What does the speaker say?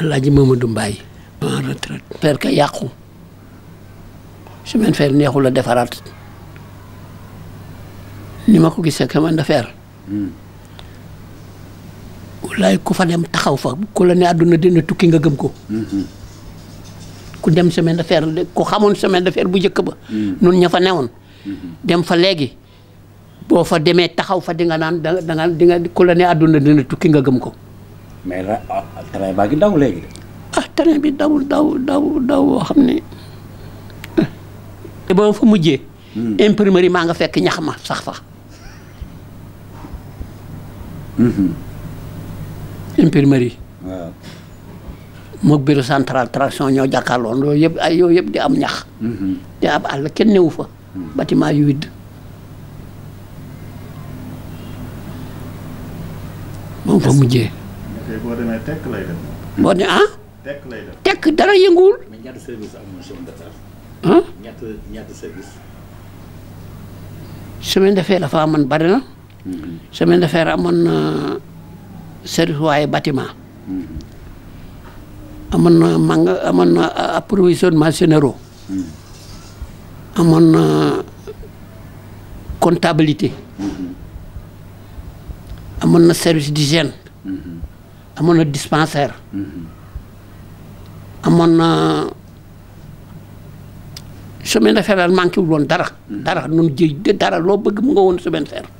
alaaji Mamadou Mbaye en retraite fer yàqu semaine fer neexul a defaraat ni ma ko gisee ka man da ku fa dem taxaw fa ku la ne àdduna dina tukki nga gëm ko hmm. ku dem semaine de fer ku xamoon semaine de fer bu njëkk ba hmm. nun ña fa newoon hmm. dem fa léegi boo fa demee taxaw fa di nga naan da nga di nga ku la ne àdduna dina tukki nga gëm ko mais ah, train baa léegi. ah train bi dawul daw daw xam ne. te ba fa mujjee. Hmm. maa nga fekk ñax ma sax fa. Hmm. imprimerie. waaw. moog bureau central traction ñoo jàkkaarloon loolu yëpp ay yooyu yëpp di am ñax. Hmm. di ab àll kenn newu fa. bâtiment yu widd. moom fa mujjee. tey boo demee tekk lay dem. boo ah? dara yënguwul. mais de fer la amoon bari na. chemin mm-hmm. de fer amoon na euh, service waaye bâtiment. Mm-hmm. amoon na manga amoon na euh, approvisionnement mm-hmm. amoon na comptabilité. amoon na service di gen amoon na dispensaire amoon na chemin de fer daal manqué wul woon dara mm-hmm. dara noonu jëy dara loo bëgg mu nga woon chemin fer